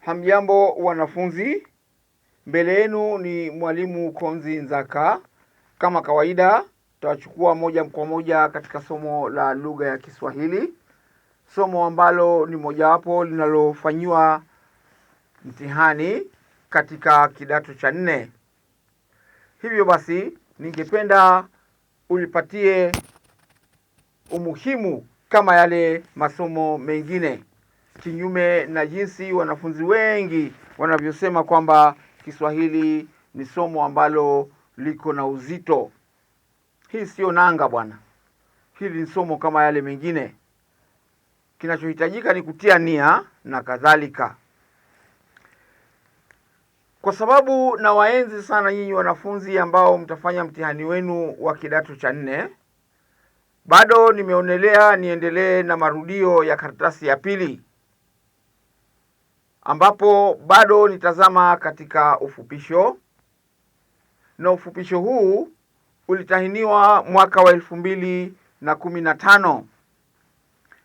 Hamjambo wanafunzi, mbele yenu ni mwalimu Konzi Nzaka. Kama kawaida, tutachukua moja kwa moja katika somo la lugha ya Kiswahili, somo ambalo ni mojawapo linalofanyiwa mtihani katika kidato cha nne. Hivyo basi, ningependa ulipatie umuhimu kama yale masomo mengine, kinyume na jinsi wanafunzi wengi wanavyosema kwamba Kiswahili ni somo ambalo liko na uzito. Hii siyo nanga bwana, hili ni somo kama yale mengine. Kinachohitajika ni kutia nia na kadhalika. Kwa sababu nawaenzi sana nyinyi wanafunzi ambao mtafanya mtihani wenu wa kidato cha nne bado nimeonelea niendelee na marudio ya karatasi ya pili, ambapo bado nitazama katika ufupisho, na ufupisho huu ulitahiniwa mwaka wa elfu mbili na kumi na tano.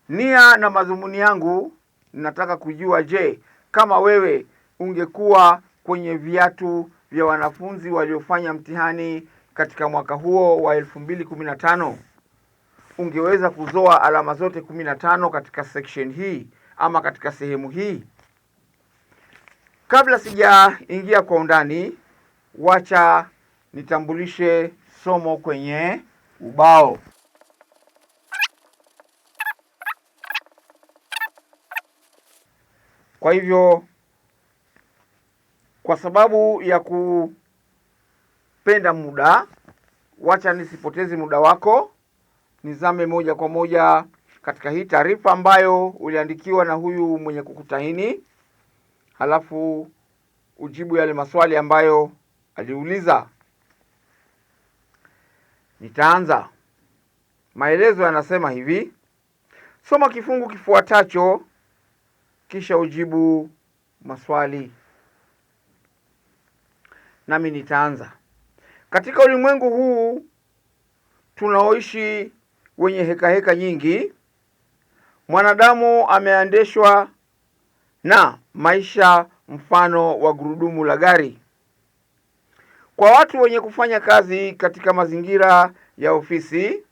Nia na madhumuni yangu, nataka kujua, je, kama wewe ungekuwa kwenye viatu vya wanafunzi waliofanya mtihani katika mwaka huo wa elfu mbili kumi na tano ungeweza kuzoa alama zote kumi na tano katika section hii ama katika sehemu hii? Kabla sijaingia kwa undani, wacha nitambulishe somo kwenye ubao. Kwa hivyo kwa sababu ya kupenda muda, wacha nisipoteze muda wako nizame moja kwa moja katika hii taarifa ambayo uliandikiwa na huyu mwenye kukutahini, halafu ujibu yale maswali ambayo aliuliza. Nitaanza. Maelezo yanasema hivi: soma kifungu kifuatacho kisha ujibu maswali. Nami nitaanza. Katika ulimwengu huu tunaoishi wenye hekaheka heka nyingi. Mwanadamu ameendeshwa na maisha mfano wa gurudumu la gari. Kwa watu wenye kufanya kazi katika mazingira ya ofisi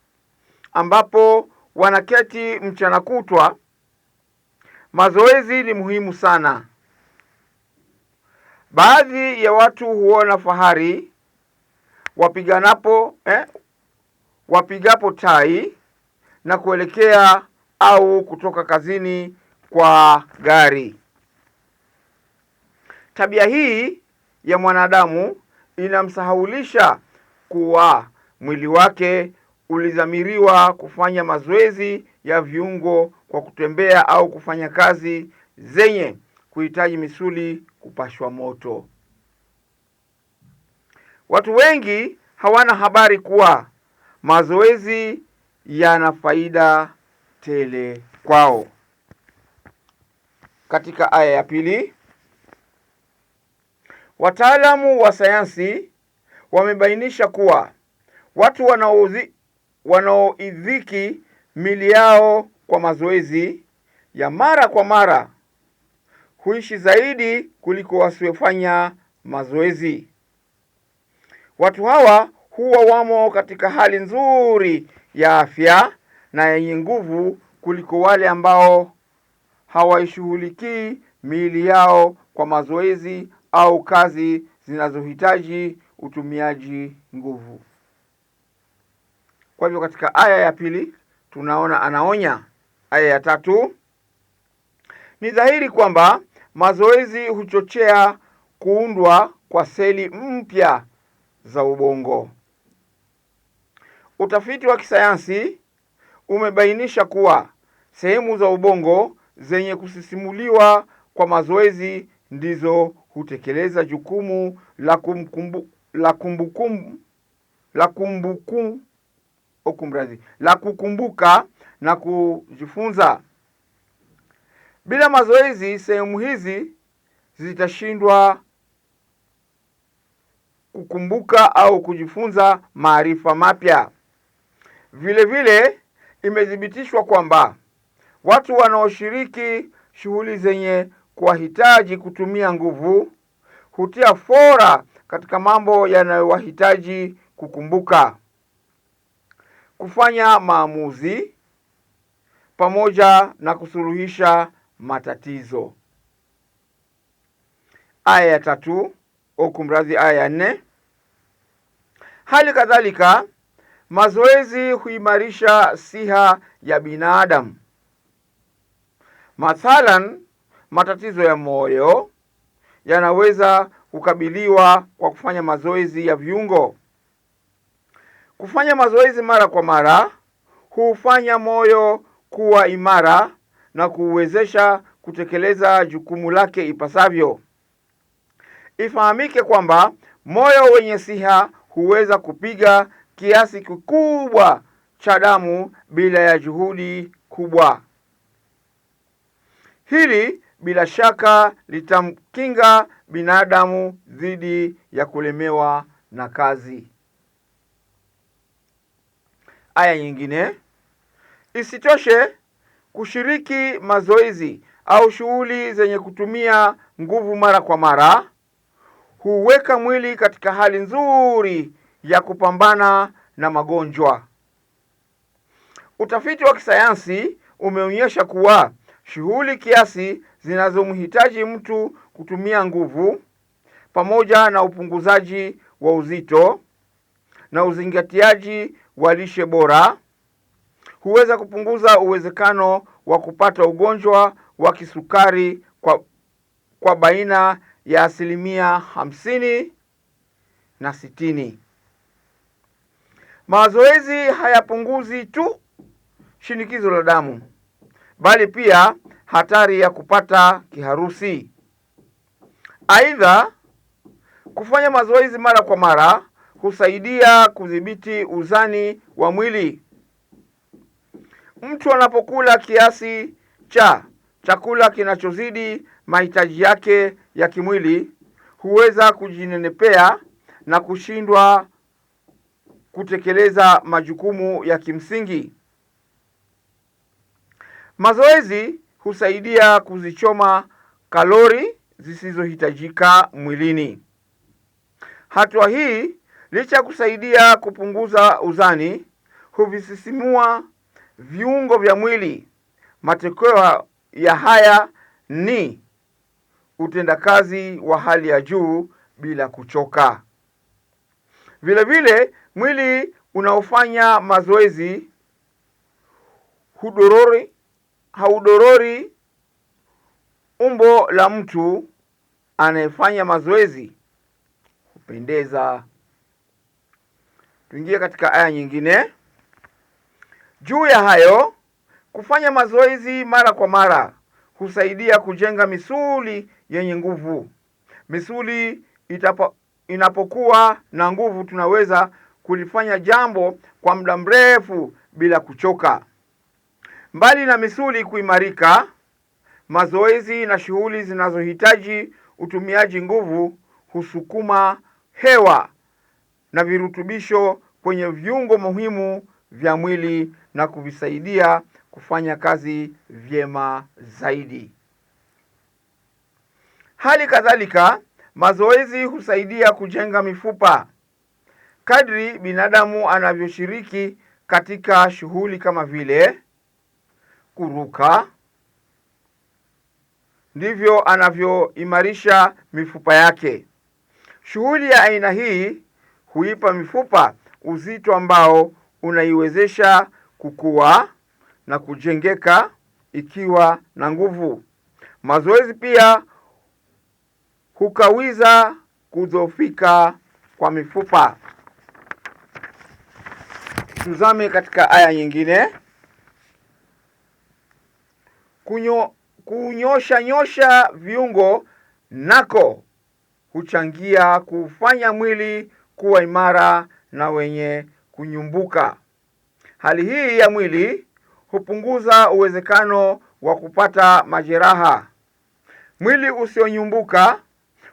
ambapo wanaketi mchana kutwa, mazoezi ni muhimu sana. Baadhi ya watu huona fahari wapiganapo eh, wapigapo tai na kuelekea au kutoka kazini kwa gari. Tabia hii ya mwanadamu inamsahaulisha kuwa mwili wake ulidhamiriwa kufanya mazoezi ya viungo kwa kutembea au kufanya kazi zenye kuhitaji misuli kupashwa moto. Watu wengi hawana habari kuwa mazoezi yana faida tele kwao. Katika aya ya pili, wataalamu wa sayansi wamebainisha kuwa watu wanaoidhiki mili yao kwa mazoezi ya mara kwa mara huishi zaidi kuliko wasiofanya mazoezi. Watu hawa huwa wamo katika hali nzuri ya afya na yenye nguvu kuliko wale ambao hawaishughulikii miili yao kwa mazoezi au kazi zinazohitaji utumiaji nguvu. Kwa hivyo katika aya ya pili tunaona anaonya. Aya ya tatu, ni dhahiri kwamba mazoezi huchochea kuundwa kwa seli mpya za ubongo. Utafiti wa kisayansi umebainisha kuwa sehemu za ubongo zenye kusisimuliwa kwa mazoezi ndizo hutekeleza jukumu la kumkumbu la kumbukumbu la kumbukumbu okumrazi oh, la kukumbuka na kujifunza. Bila mazoezi, sehemu hizi zitashindwa kukumbuka au kujifunza maarifa mapya. Vile vile imethibitishwa kwamba watu wanaoshiriki shughuli zenye kuwahitaji kutumia nguvu hutia fora katika mambo yanayowahitaji kukumbuka, kufanya maamuzi pamoja na kusuluhisha matatizo. Aya ya tatu au kumradhi, aya ya nne. Hali kadhalika Mazoezi huimarisha siha ya binadamu, mathalan matatizo ya moyo yanaweza kukabiliwa kwa kufanya mazoezi ya viungo. Kufanya mazoezi mara kwa mara huufanya moyo kuwa imara na kuuwezesha kutekeleza jukumu lake ipasavyo. Ifahamike kwamba moyo wenye siha huweza kupiga kiasi kikubwa cha damu bila ya juhudi kubwa. Hili bila shaka litamkinga binadamu dhidi ya kulemewa na kazi. Aya nyingine. Isitoshe, kushiriki mazoezi au shughuli zenye kutumia nguvu mara kwa mara huweka mwili katika hali nzuri ya kupambana na magonjwa. Utafiti wa kisayansi umeonyesha kuwa shughuli kiasi zinazomhitaji mtu kutumia nguvu pamoja na upunguzaji wa uzito na uzingatiaji wa lishe bora huweza kupunguza uwezekano wa kupata ugonjwa wa kisukari kwa, kwa baina ya asilimia hamsini na sitini. Mazoezi hayapunguzi tu shinikizo la damu, bali pia hatari ya kupata kiharusi. Aidha, kufanya mazoezi mara kwa mara husaidia kudhibiti uzani wa mwili. Mtu anapokula kiasi cha chakula kinachozidi mahitaji yake ya kimwili, huweza kujinenepea na kushindwa kutekeleza majukumu ya kimsingi. Mazoezi husaidia kuzichoma kalori zisizohitajika mwilini. Hatua hii licha ya kusaidia kupunguza uzani, huvisisimua viungo vya mwili. Matokeo ya haya ni utendakazi wa hali ya juu bila kuchoka. Vilevile Mwili unaofanya mazoezi hudorori, haudorori umbo la mtu anayefanya mazoezi hupendeza. Tuingie katika aya nyingine. Juu ya hayo, kufanya mazoezi mara kwa mara husaidia kujenga misuli yenye nguvu. Misuli itapo, inapokuwa na nguvu tunaweza kulifanya jambo kwa muda mrefu bila kuchoka. Mbali na misuli kuimarika, mazoezi na shughuli zinazohitaji utumiaji nguvu husukuma hewa na virutubisho kwenye viungo muhimu vya mwili na kuvisaidia kufanya kazi vyema zaidi. Hali kadhalika, mazoezi husaidia kujenga mifupa kadri binadamu anavyoshiriki katika shughuli kama vile kuruka, ndivyo anavyoimarisha mifupa yake. Shughuli ya aina hii huipa mifupa uzito ambao unaiwezesha kukua na kujengeka ikiwa na nguvu. Mazoezi pia hukawiza kudhoofika kwa mifupa. Tuzame katika aya nyingine. Kunyo, kunyosha nyosha viungo nako huchangia kufanya mwili kuwa imara na wenye kunyumbuka. Hali hii ya mwili hupunguza uwezekano wa kupata majeraha. Mwili usionyumbuka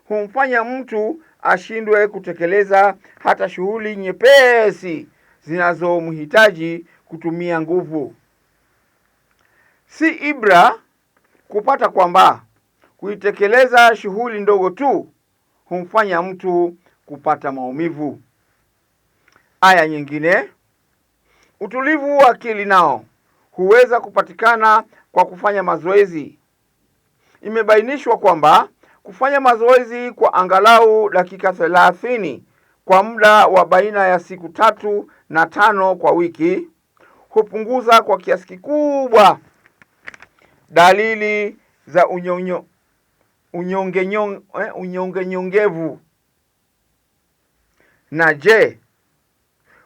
humfanya mtu ashindwe kutekeleza hata shughuli nyepesi zinazomhitaji kutumia nguvu. Si ibra kupata kwamba kuitekeleza shughuli ndogo tu humfanya mtu kupata maumivu. Aya nyingine, utulivu wa akili nao huweza kupatikana kwa kufanya mazoezi. Imebainishwa kwamba kufanya mazoezi kwa angalau dakika thelathini kwa muda wa baina ya siku tatu na tano kwa wiki hupunguza kwa kiasi kikubwa dalili za unyonyo, unyonge, nyong, eh, unyonge nyongevu. Na je,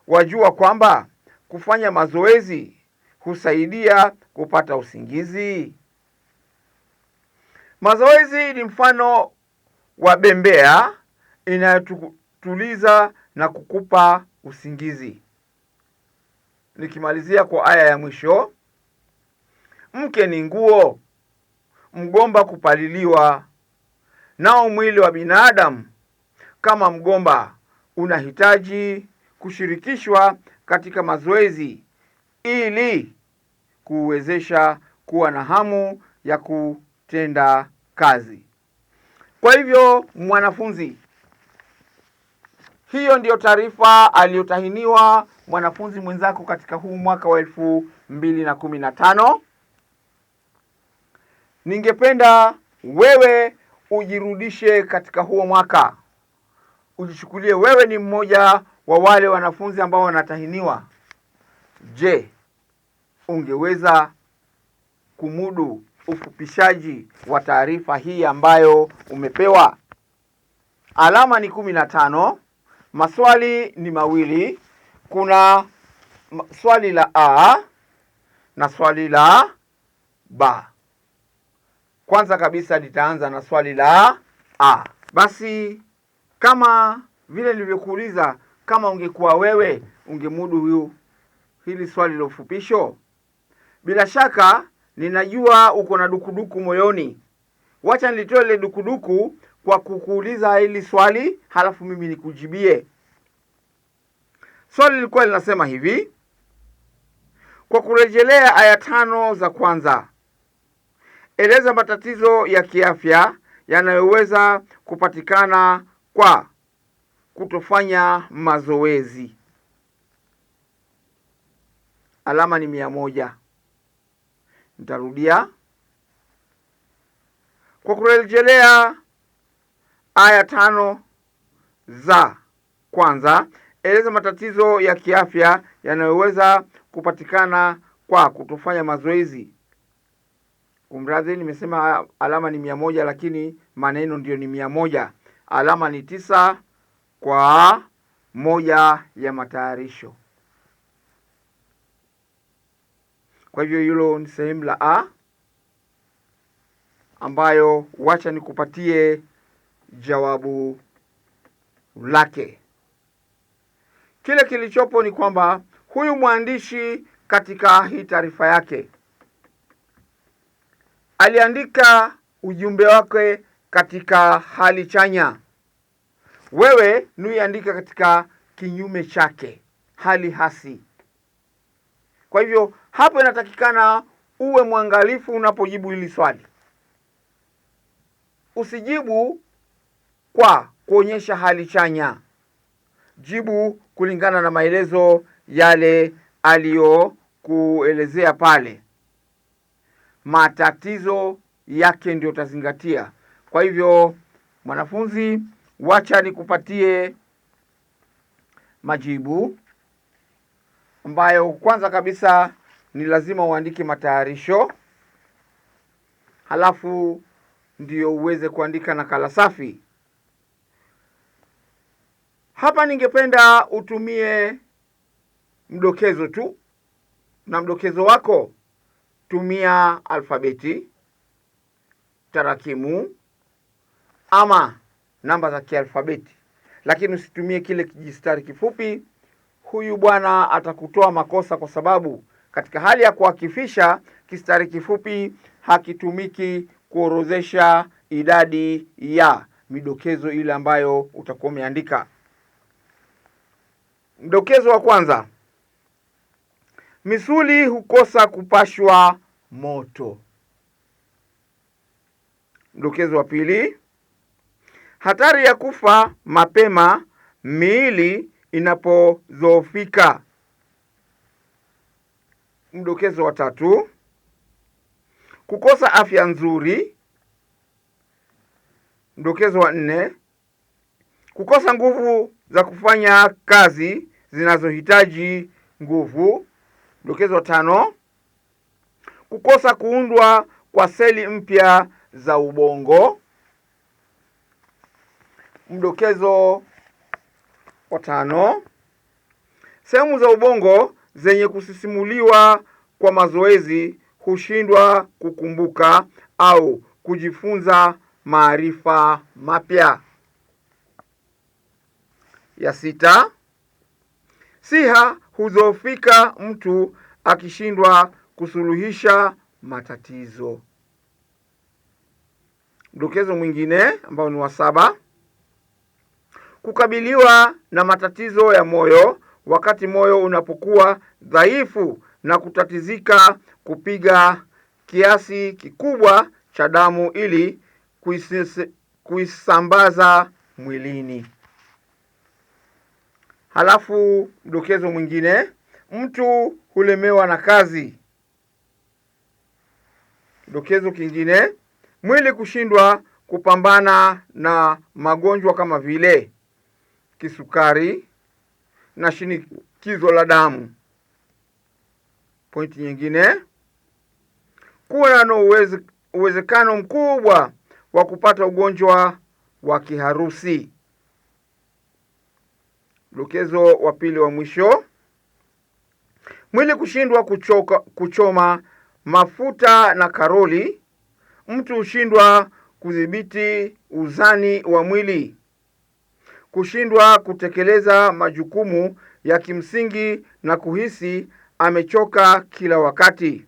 wajua kwamba kufanya mazoezi husaidia kupata usingizi? Mazoezi ni mfano wa bembea kukutuliza na kukupa usingizi. Nikimalizia kwa aya ya mwisho, mke ni nguo, mgomba kupaliliwa, nao mwili wa binadamu kama mgomba unahitaji kushirikishwa katika mazoezi ili kuuwezesha kuwa na hamu ya kutenda kazi. Kwa hivyo mwanafunzi hiyo ndiyo taarifa aliyotahiniwa mwanafunzi mwenzako katika huu mwaka wa elfu mbili na kumi na tano. Ningependa wewe ujirudishe katika huo mwaka, ujichukulie wewe ni mmoja wa wale wanafunzi ambao wanatahiniwa. Je, ungeweza kumudu ufupishaji wa taarifa hii ambayo umepewa? Alama ni kumi na tano. Maswali ni mawili, kuna swali la a na swali la b. Kwanza kabisa nitaanza na swali la a. Basi kama vile nilivyokuuliza, kama ungekuwa wewe ungemudu huyu hili swali la ufupisho? Bila shaka ninajua uko na dukuduku moyoni, wacha nilitoe ile dukuduku kwa kukuuliza hili swali, halafu mimi nikujibie. Swali lilikuwa linasema hivi, kwa kurejelea aya tano za kwanza, eleza matatizo ya kiafya yanayoweza kupatikana kwa kutofanya mazoezi. Alama ni mia moja. Nitarudia, kwa kurejelea aya tano za kwanza, eleza matatizo ya kiafya yanayoweza kupatikana kwa kutofanya mazoezi. Kumradhi, nimesema alama ni mia moja lakini maneno ndiyo ni mia moja. Alama ni tisa kwa moja ya matayarisho. Kwa hivyo hilo ni sehemu la A ambayo wacha nikupatie jawabu lake. Kile kilichopo ni kwamba huyu mwandishi katika hii taarifa yake aliandika ujumbe wake katika hali chanya. Wewe nuiandika katika kinyume chake, hali hasi. Kwa hivyo, hapo inatakikana uwe mwangalifu unapojibu hili swali, usijibu kwa kuonyesha hali chanya? Jibu kulingana na maelezo yale aliyokuelezea pale. Matatizo yake ndio utazingatia. Kwa hivyo, mwanafunzi, wacha nikupatie majibu ambayo kwanza kabisa ni lazima uandike matayarisho, halafu ndio uweze kuandika nakala safi. Hapa ningependa utumie mdokezo tu, na mdokezo wako tumia alfabeti, tarakimu ama namba za kialfabeti, lakini usitumie kile kijistari kifupi. Huyu bwana atakutoa makosa, kwa sababu katika hali ya kuakifisha kistari kifupi hakitumiki kuorodhesha idadi ya midokezo ile ambayo utakuwa umeandika. Mdokezo wa kwanza, misuli hukosa kupashwa moto. Mdokezo wa pili, hatari ya kufa mapema miili inapozoofika. Mdokezo wa tatu, kukosa afya nzuri. Mdokezo wa nne, kukosa nguvu za kufanya kazi zinazohitaji nguvu. Dokezo tano, kukosa kuundwa kwa seli mpya za ubongo. Mdokezo wa tano, sehemu za ubongo zenye kusisimuliwa kwa mazoezi hushindwa kukumbuka au kujifunza maarifa mapya ya sita. Siha huzofika mtu akishindwa kusuluhisha matatizo. Mdokezo mwingine ambao ni wa saba, kukabiliwa na matatizo ya moyo. Wakati moyo unapokuwa dhaifu na kutatizika, kupiga kiasi kikubwa cha damu ili kuisambaza mwilini. Halafu mdokezo mwingine, mtu hulemewa na kazi. Kidokezo kingine, mwili kushindwa kupambana na magonjwa kama vile kisukari na shinikizo la damu. Pointi nyingine, kuwa na uwezekano mkubwa wa kupata ugonjwa wa kiharusi. Mdokezo wa pili wa mwisho: mwili kushindwa kuchoka, kuchoma mafuta na karoli. Mtu hushindwa kudhibiti uzani wa mwili, kushindwa kutekeleza majukumu ya kimsingi na kuhisi amechoka kila wakati.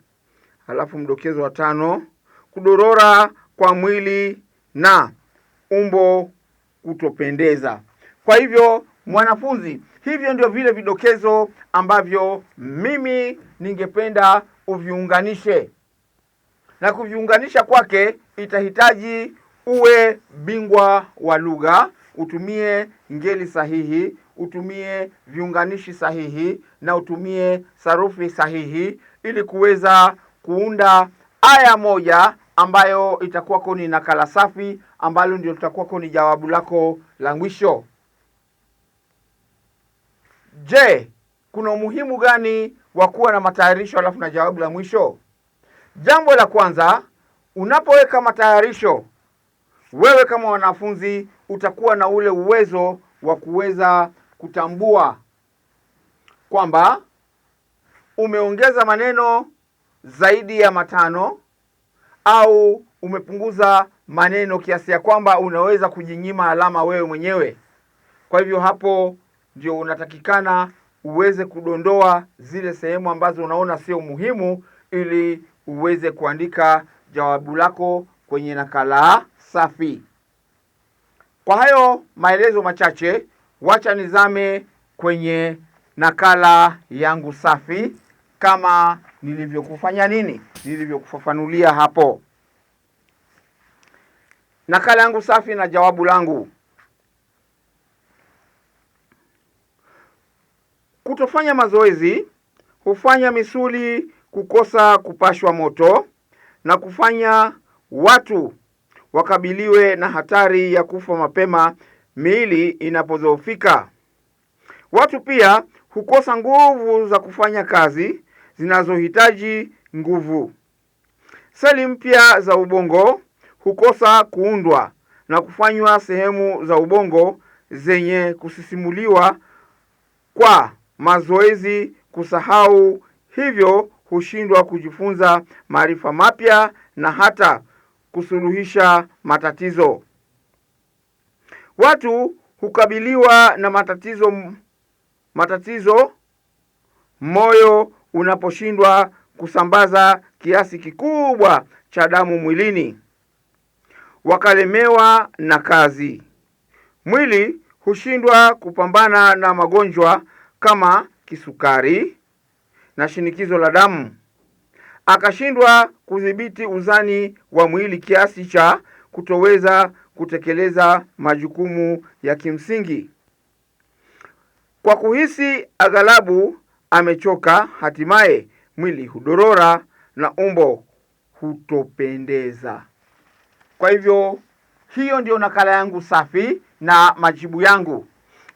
Halafu mdokezo wa tano: kudorora kwa mwili na umbo kutopendeza. Kwa hivyo mwanafunzi. Hivyo ndio vile vidokezo ambavyo mimi ningependa uviunganishe, na kuviunganisha kwake itahitaji uwe bingwa wa lugha, utumie ngeli sahihi, utumie viunganishi sahihi na utumie sarufi sahihi, ili kuweza kuunda aya moja ambayo itakuwako ni nakala safi, ambalo ndio litakuwa ni jawabu lako la mwisho. Je, kuna umuhimu gani wa kuwa na matayarisho? Alafu na jawabu la mwisho. Jambo la kwanza, unapoweka matayarisho, wewe kama wanafunzi utakuwa na ule uwezo wa kuweza kutambua kwamba umeongeza maneno zaidi ya matano au umepunguza maneno kiasi ya kwamba unaweza kujinyima alama wewe mwenyewe. Kwa hivyo hapo ndio unatakikana uweze kudondoa zile sehemu ambazo unaona sio muhimu, ili uweze kuandika jawabu lako kwenye nakala safi. Kwa hayo maelezo machache, wacha nizame kwenye nakala yangu safi kama nilivyokufanya nini, nilivyokufafanulia hapo. Nakala yangu safi na jawabu langu. Kutofanya mazoezi hufanya misuli kukosa kupashwa moto na kufanya watu wakabiliwe na hatari ya kufa mapema miili inapodhoofika. Watu pia hukosa nguvu za kufanya kazi zinazohitaji nguvu. Seli mpya za ubongo hukosa kuundwa na kufanywa sehemu za ubongo zenye kusisimuliwa kwa mazoezi kusahau, hivyo hushindwa kujifunza maarifa mapya na hata kusuluhisha matatizo. Watu hukabiliwa na matatizo matatizo moyo unaposhindwa kusambaza kiasi kikubwa cha damu mwilini, wakalemewa na kazi. Mwili hushindwa kupambana na magonjwa kama kisukari na shinikizo la damu, akashindwa kudhibiti uzani wa mwili kiasi cha kutoweza kutekeleza majukumu ya kimsingi. Kwa kuhisi aghalabu amechoka, hatimaye mwili hudorora na umbo hutopendeza. Kwa hivyo hiyo ndiyo nakala yangu safi na majibu yangu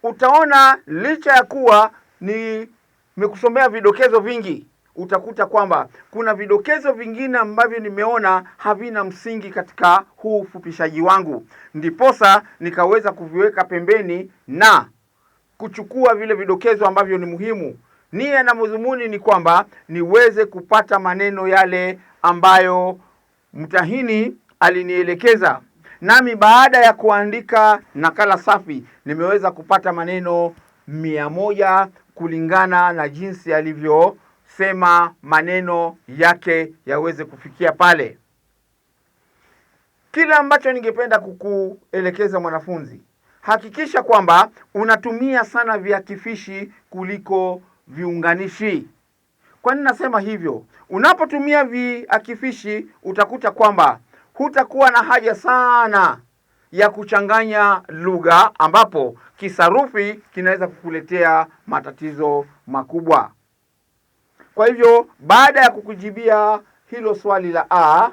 utaona licha ya kuwa nimekusomea vidokezo vingi, utakuta kwamba kuna vidokezo vingine ambavyo nimeona havina msingi katika huu ufupishaji wangu, ndiposa nikaweza kuviweka pembeni na kuchukua vile vidokezo ambavyo ni muhimu. Nia na madhumuni ni kwamba niweze kupata maneno yale ambayo mtahini alinielekeza nami baada ya kuandika nakala safi nimeweza kupata maneno mia moja kulingana na jinsi alivyosema maneno yake yaweze kufikia pale. Kile ambacho ningependa kukuelekeza mwanafunzi, hakikisha kwamba unatumia sana viakifishi kuliko viunganishi. Kwa nini nasema hivyo? Unapotumia viakifishi utakuta kwamba hutakuwa na haja sana ya kuchanganya lugha, ambapo kisarufi kinaweza kukuletea matatizo makubwa. Kwa hivyo, baada ya kukujibia hilo swali la a,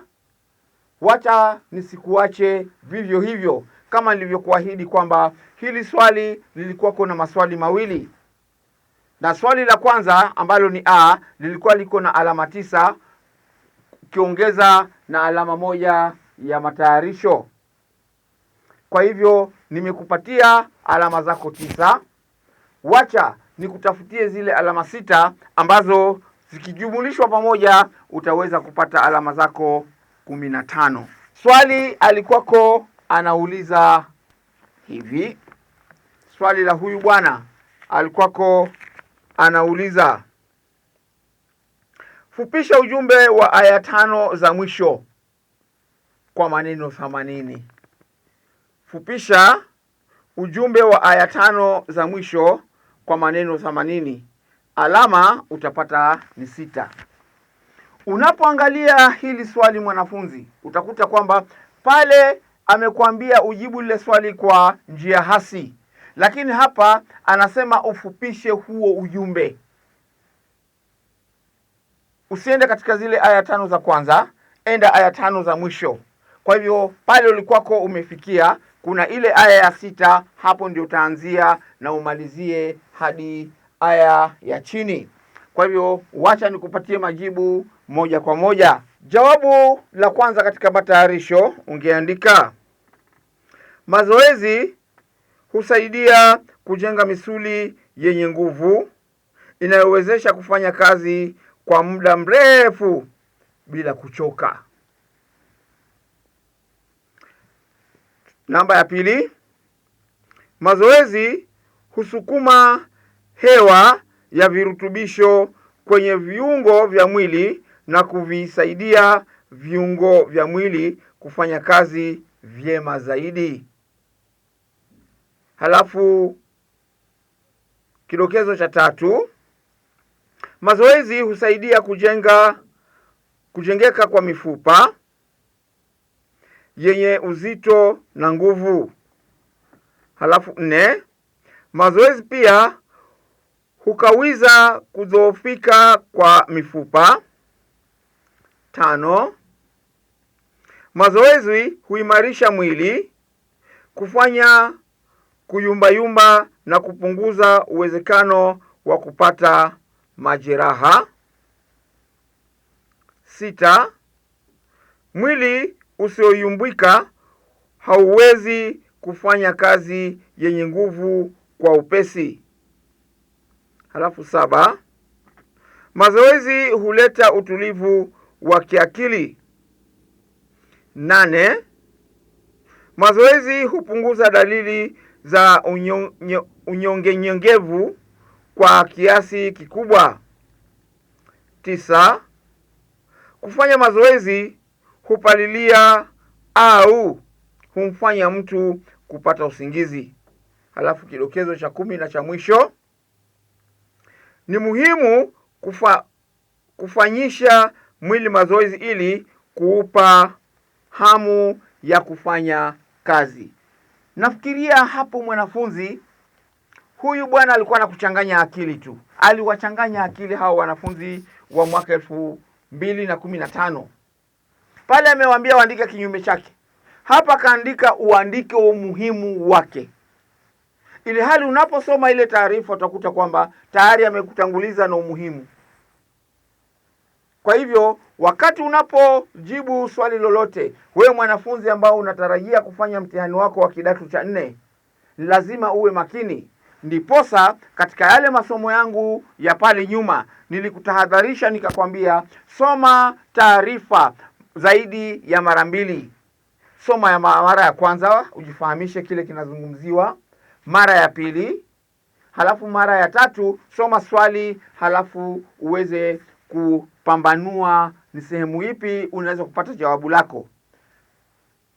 wacha nisikuache vivyo hivyo kama nilivyokuahidi kwamba hili swali lilikuwa kuna maswali mawili, na swali la kwanza ambalo ni a lilikuwa liko na alama tisa ukiongeza na alama moja ya matayarisho. Kwa hivyo nimekupatia alama zako tisa, wacha nikutafutie zile alama sita ambazo zikijumulishwa pamoja utaweza kupata alama zako kumi na tano. Swali alikwako anauliza hivi, swali la huyu bwana alikwako anauliza Fupisha ujumbe wa aya tano za mwisho kwa maneno themanini. Fupisha ujumbe wa aya tano za mwisho kwa maneno themanini. Alama utapata ni sita. Unapoangalia hili swali mwanafunzi, utakuta kwamba pale amekwambia ujibu lile swali kwa njia hasi, lakini hapa anasema ufupishe huo ujumbe usiende katika zile aya tano za kwanza, enda aya tano za mwisho. Kwa hivyo pale ulikuwako umefikia, kuna ile aya ya sita, hapo ndio utaanzia na umalizie hadi aya ya chini. Kwa hivyo wacha nikupatie majibu moja kwa moja. Jawabu la kwanza katika matayarisho ungeandika mazoezi husaidia kujenga misuli yenye nguvu inayowezesha kufanya kazi kwa muda mrefu bila kuchoka. Namba ya pili, mazoezi husukuma hewa ya virutubisho kwenye viungo vya mwili na kuvisaidia viungo vya mwili kufanya kazi vyema zaidi. Halafu kidokezo cha tatu, Mazoezi husaidia kujenga kujengeka kwa mifupa yenye uzito na nguvu. Halafu nne, mazoezi pia hukawiza kudhoofika kwa mifupa. Tano, mazoezi huimarisha mwili, kufanya kuyumbayumba na kupunguza uwezekano wa kupata majeraha. Sita, mwili usioyumbika hauwezi kufanya kazi yenye nguvu kwa upesi. Halafu saba, mazoezi huleta utulivu wa kiakili. Nane, mazoezi hupunguza dalili za unyonge kwa kiasi kikubwa. Tisa, kufanya mazoezi hupalilia au humfanya mtu kupata usingizi. Halafu kidokezo cha kumi na cha mwisho ni muhimu kufa, kufanyisha mwili mazoezi ili kuupa hamu ya kufanya kazi. Nafikiria hapo mwanafunzi Huyu bwana alikuwa anakuchanganya akili tu, aliwachanganya akili hao wanafunzi wa mwaka elfu mbili na kumi na tano. Pale amewaambia waandike kinyume chake, hapa kaandika uandike umuhimu wake, ili hali unaposoma ile taarifa utakuta kwamba tayari amekutanguliza na umuhimu. Kwa hivyo wakati unapojibu swali lolote, wewe mwanafunzi ambao unatarajia kufanya mtihani wako wa kidato cha nne, lazima uwe makini. Ndiposa katika yale masomo yangu ya pale nyuma nilikutahadharisha nikakwambia, soma taarifa zaidi ya mara mbili. Soma ya mara ya kwanza ujifahamishe kile kinazungumziwa, mara ya pili, halafu mara ya tatu soma swali, halafu uweze kupambanua ni sehemu ipi unaweza kupata jawabu lako.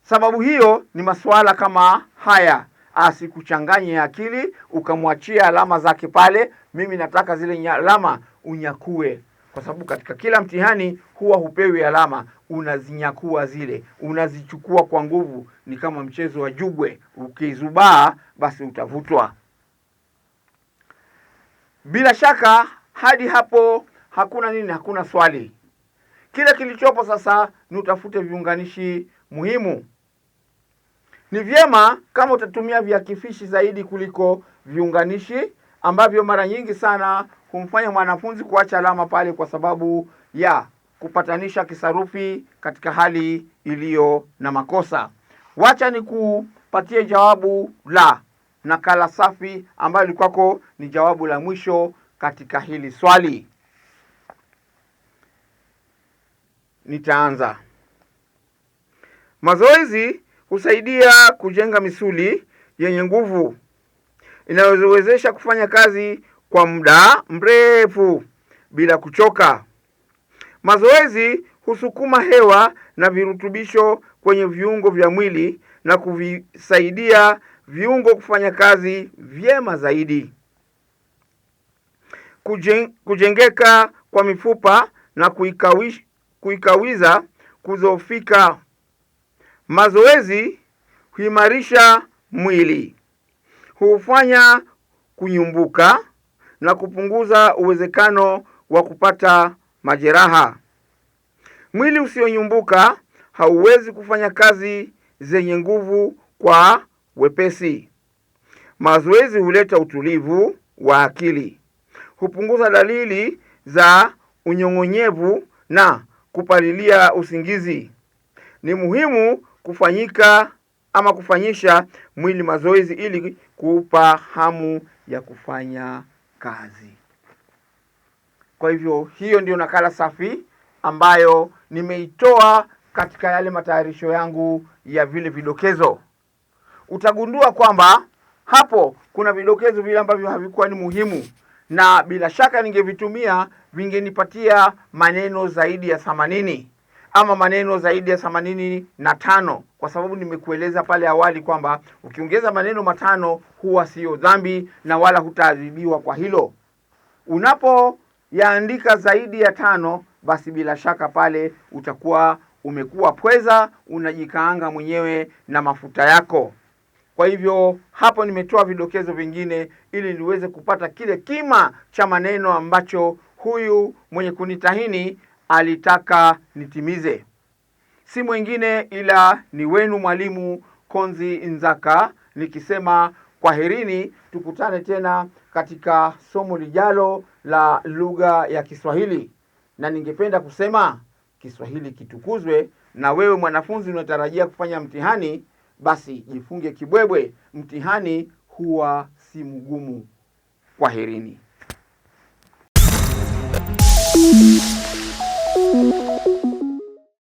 Sababu hiyo ni masuala kama haya asikuchanganye akili, ukamwachia alama zake pale. Mimi nataka zile alama unyakue, kwa sababu katika kila mtihani huwa hupewi alama, unazinyakua zile, unazichukua kwa nguvu. Ni kama mchezo wa jugwe, ukizubaa basi utavutwa. Bila shaka hadi hapo hakuna nini, hakuna swali. Kile kilichopo sasa ni utafute viunganishi muhimu. Ni vyema kama utatumia viakifishi zaidi kuliko viunganishi ambavyo mara nyingi sana humfanya mwanafunzi kuacha alama pale kwa sababu ya kupatanisha kisarufi katika hali iliyo na makosa. Wacha ni kupatie jawabu la nakala safi ambayo likwako ni jawabu la mwisho katika hili swali. Nitaanza mazoezi husaidia kujenga misuli yenye nguvu inayowezesha kufanya kazi kwa muda mrefu bila kuchoka. Mazoezi husukuma hewa na virutubisho kwenye viungo vya mwili na kuvisaidia viungo kufanya kazi vyema zaidi. Kujeng, kujengeka kwa mifupa na kuikawiza kuzofika Mazoezi huimarisha mwili, hufanya kunyumbuka na kupunguza uwezekano wa kupata majeraha. Mwili usionyumbuka hauwezi kufanya kazi zenye nguvu kwa wepesi. Mazoezi huleta utulivu wa akili, hupunguza dalili za unyong'onyevu na kupalilia usingizi. Ni muhimu kufanyika ama kufanyisha mwili mazoezi ili kuupa hamu ya kufanya kazi. Kwa hivyo hiyo ndiyo nakala safi ambayo nimeitoa katika yale matayarisho yangu ya vile vidokezo. Utagundua kwamba hapo kuna vidokezo vile ambavyo havikuwa ni muhimu, na bila shaka ningevitumia vingenipatia maneno zaidi ya themanini ama maneno zaidi ya themanini na tano kwa sababu nimekueleza pale awali kwamba ukiongeza maneno matano huwa siyo dhambi na wala hutaadhibiwa kwa hilo. Unapoyaandika zaidi ya tano, basi bila shaka pale utakuwa umekuwa pweza, unajikaanga mwenyewe na mafuta yako. Kwa hivyo hapo nimetoa vidokezo vingine ili niweze kupata kile kima cha maneno ambacho huyu mwenye kunitahini alitaka nitimize, si mwingine ila ni wenu Mwalimu Konzi Nzaka, nikisema kwaherini, tukutane tena katika somo lijalo la lugha ya Kiswahili. Na ningependa kusema Kiswahili kitukuzwe. Na wewe mwanafunzi unatarajia kufanya mtihani, basi jifunge kibwebwe, mtihani huwa si mgumu. Kwaherini. you.